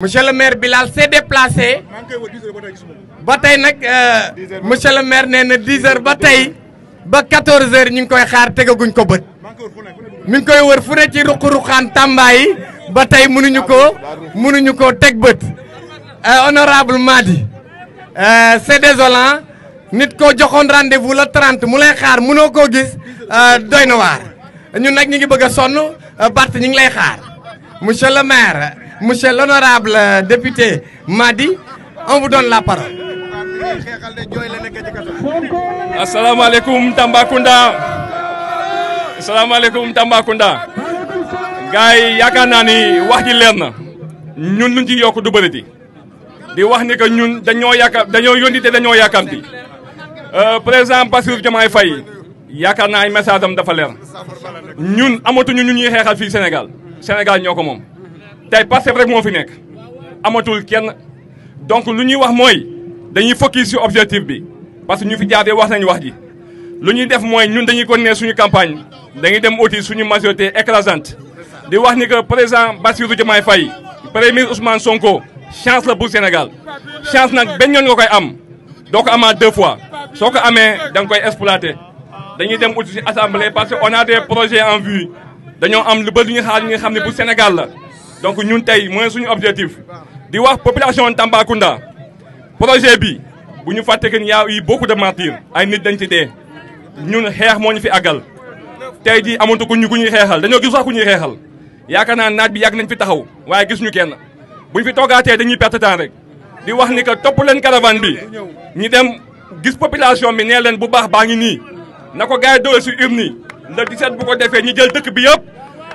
monsieur le maire Bilal s'est déplacé ba tey nag euh, monsieur le maire nee na 10 heures ba tey ba 14 heures ñu ngi koy xaar tegaguñ ko bët mi ngi koy wër fu ne ci ruq-ruqaan Tamba yi ba tey mënuñu ko mënuñu ko teg bët euh, honorable Madi euh, c'est zolan nit ko joxoon rendez-vous la trente mu lay xaar mënoo koo gis doy na waar ñun nag ñu ngi bëgg a sonn Bart ñu ngi lay xaar monsieur le maire monsieur l'honorable euh, député Madi on vous donne la parole. asalaamaaleykum Tambacounda asalaamaaleykum Tambacounda. gars yi yaakaar naa ni wax ji leer na ñun luñ ci yokk du bëri di di wax ni que ñun dañoo yaakaar dañoo yónni te dañoo yàkkamti euh, président Bassirou Diomaye Faye yaakaar naa ay message dafa leer ñun amatuñu ñu ñuy xeexal fii Sénégal senegal ñoo ko moom. tey Pastef rek moo fi nekk amatul kenn donc lu ñuy wax mooy dañuy focus si objectif bi parce que ñu fi jaaree wax nañu wax ji lu ñuy def mooy ñun dañuy kon continuer suñu campagne dañuy dem uti suñu majorité écrasante di wax ni que président Bassirou Diomaye Faye premier Ousmane Sonko chance la pour Sénégal chance nag benn yoon nga koy am doo ko amaat deux fois soo ko amee da nga koy exploité dañuy dem uti ci assemblée parce que on a des projets dañoo am lu bëri lu ñu xaar ñu nga xam ne pour Sénégal donc ñun tey mooy suñu objectif di wax population Tambacounda projet bi bu ñu fàtte que ni yaa yi beaucoup de martyrs ay nit dañ ci dee ñun xeex moo ñu fi àggal tey jii amatu ko ñu ku ñuy xeexal dañoo gis sax ku ñuy xeexal yaakaar naa naaj bi yàgg nañ fi taxaw waaye gis ñu kenn buñ fi toogaatee dañuy perte temps rek di wax ni que topp leen caravane bi ñu dem gis population bi nee leen bu baax baa ngi nii na ko gars yi doole si urne le set bu ko defee ñu jël dëkk bi yëpp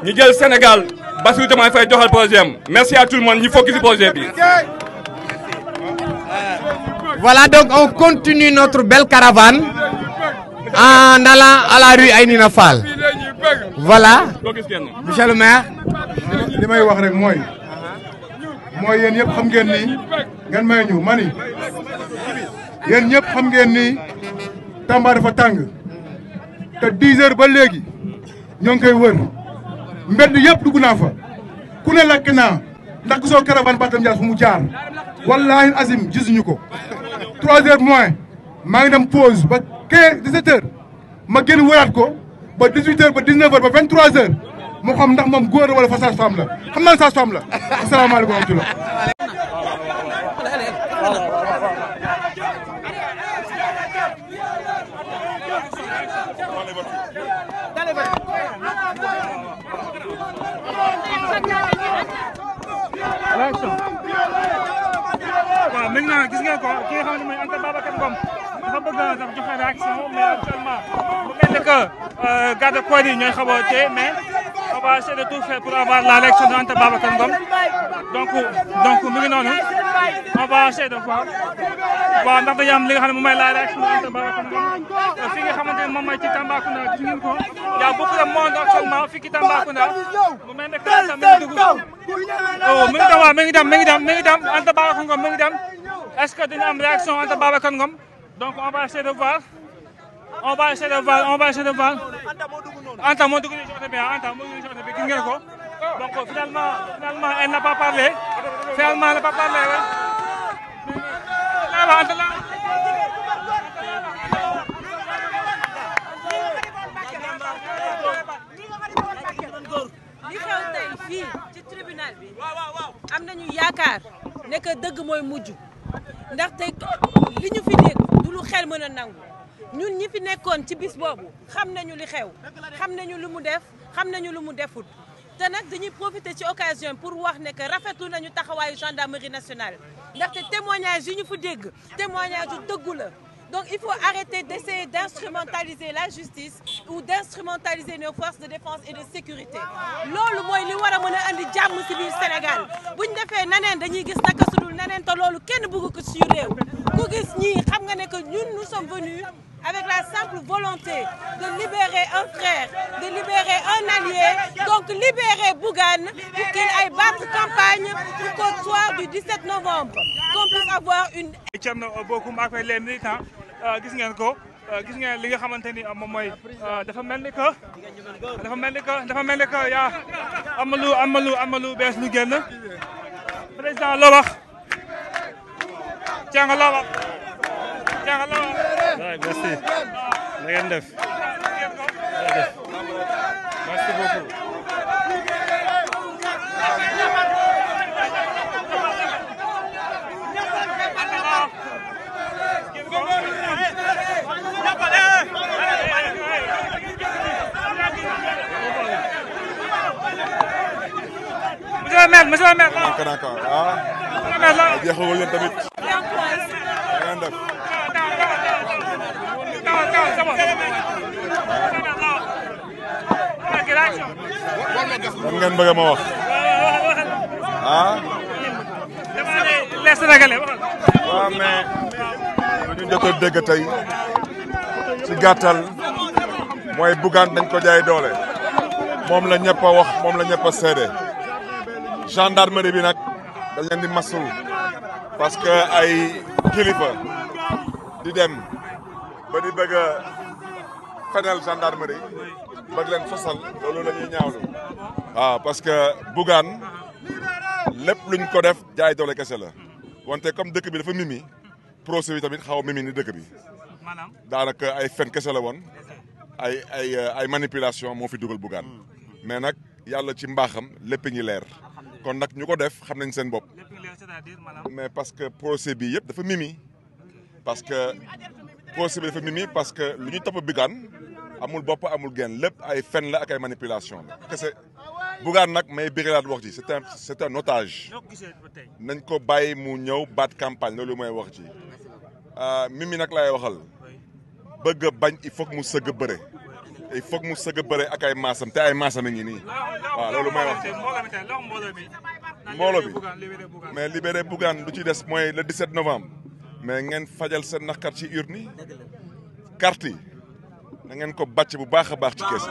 ñi jël Sénégal Bassirou Diomaye Faye joxal projet am merci à tout le monde ñu focus ci projet bi. voilà donc on continue notre belle caravane en allant à la li may wax rek mooy mooy yéen yëpp xam ngeen ni ngeen may ñu mani yéen ñëpp xam ngeen ni Tamba dafa tàng te 10 ba léegi ñoo ngi koy wër. mbedd yëpp dugg naa fa ku ne lakk naa ndax gisoo caravane Barthélémy Dias fu mu jaar wallaahi azim gisuñu ko. 3 heures moins maa ngi dem pause ba 15 17 heures ma gën waraat ko ba 18 heures ba 19 heures ba 23 heures mu xam ndax moom góor wala fa sage-femme la xam naa sage-femme la asalaamaaleykum wa rahmatulah. Thank you. élection waaw mi ngi naan gis ngeen ko ki nga xam ne mooy Anta Babacar Ngom dafa bëgg a joxe réaction mais actuellement bu mel ne que euh, garde corps yi ñooy xaw a téye va essayer de tout faire pour Anta Babacar Ngom donc donc mu ngi noonu on va essayer am li nga xam ne moom mooy la élection de Anta Babacar Ngom euh, fi nga xamante ne moom mooy ci Tambacounda ci ngeen ko y' a beaucoup de monde actuellement fii ci Tambacounda mu mel ne que mi ngi dugg oh mi ngi dem waaw mi ngi dem mi ngi dem mi ngi dem Anta Babacar Ngom mi ngi dem est-ce on va essayer de voir on va essayer de voir Anta moo dugg nii ci oto bi ah, Anta moo dugg nii ci oto bi gis ngeen ko donc finalement finalement elle n'a pas parlé finalement elle n'a pas parlé li xew tey fii ci tribunal bi am nañu yaakaar ne que dëgg mooy mujj ndaxte li ñu fi dégg du lu xel mën a nangu. ñun ñi fi nekkoon ci bis boobu xam nañu li xew xam nañu lu mu def xam nañu lu mu defut te nag dañuy profiter ci occasion pour wax ne que rafetlu nañu taxawaayu gendarmerie nationale ndaxte témoignage yi ñu fa dégg témoignage yu dëggu la donc il faut arrêter d'essayer d'instrumentaliser la justice ou d'instrumentaliser ne forces de défense et de sécurité loolu mooy li war a mën a andi jàmm ci biir Sénégal buñ defee naneen dañuy gis naka te loolu kenn bëgg ko suñu ku gis ñii xam nga ne que ñun nous sommes venus avec la simple volonté de libérer un frère de libérer un allié donc libérer Bougane pour qu'il aille battre campagne pour qu'au soir du 17 novembre qu'on puisse avoir une Thierno euh, Bocoum ak les militants euh, gis ngeen ko euh, gis ngeen li nga xamante ni moom mooy dafa mel dafa mel ni que dafa mel ni que yaa amalu amalu amalu bees lu génn président loo Thianga loo wax Thianga loo wax. waaw merci na ngeen def merci beaucoup. monsieur le maire monsieur le maire. ah. jeexalul leen tamit. ëllëg lan ngeen bëgg ma wax ah les sénégalais waxal waaw mais ñu jot a ci gàttal mooy Bougane dañ ko jaay doole moom la ñëpp a wax moom la ñëpp a seede gendarmerie bi nag dañ leen di masul parce ay kilifa di dem ba di bëgg a fenel bëgg leen sosal loolu la ñuy ñaawlu waaw parce que Bougane lépp luñ ko def jaay doole kese la wante comme dëkk bi dafa mimi procès bi tamit xaw a ni dëkk bi daanaka ay fen kese la woon ay ay ay manipulation moo fi dugal Bougane mm. mais nag yàlla ci mbaaxam lépp ngi leer kon nag ñu ko def xam nañ seen bopp mais parce que procès bi yëpp dafa mimi parce que procès bi dafa mimi parce que lu ñu topp Bougane amul bopp amul genn lépp ay fen la ak ay manipulation la kese Bougane nag may birilaat wax ji c'est un c'est un otage nañ ko bàyyi mu ñëw baat campagne loolu mooy wax ji ah, mimi nag lay waxal bëgg bañ il faut mu sëgg bëre il faut mu sëg a bëre ak ay maasam te ay maasam a ngi nii waaw loolu may mboolo bi mais libere Bougane lu ci des mooy le 17 novembre mais ngeen fajal seen naqar ci urne yi carte ko bàcc bu baax a baax ci kees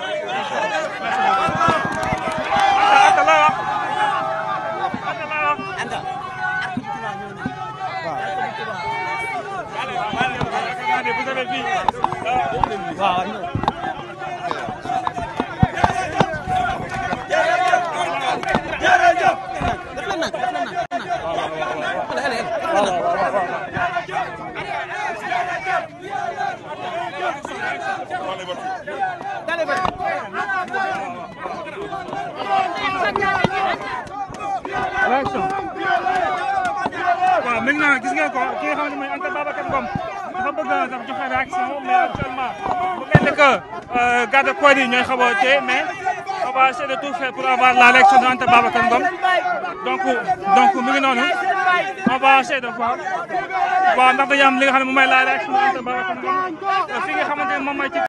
waaw maintenant gis ngeen ko ki nga xam ne mooy Anta Babacar Ngom bëgg a def joxe réaction mais actuellement bu mel ni que euh, garde corps yi ñooy xaw a téye mais on va essayer de tout faire pour avoir la réaction de Anta Babacar Ngom donc donc mu ngi noonu on va essayer de voir waaw ndax dañuy am li nga xam ne moom la réaction de Anta Babacar Ngom euh, fi nga xamante ne moom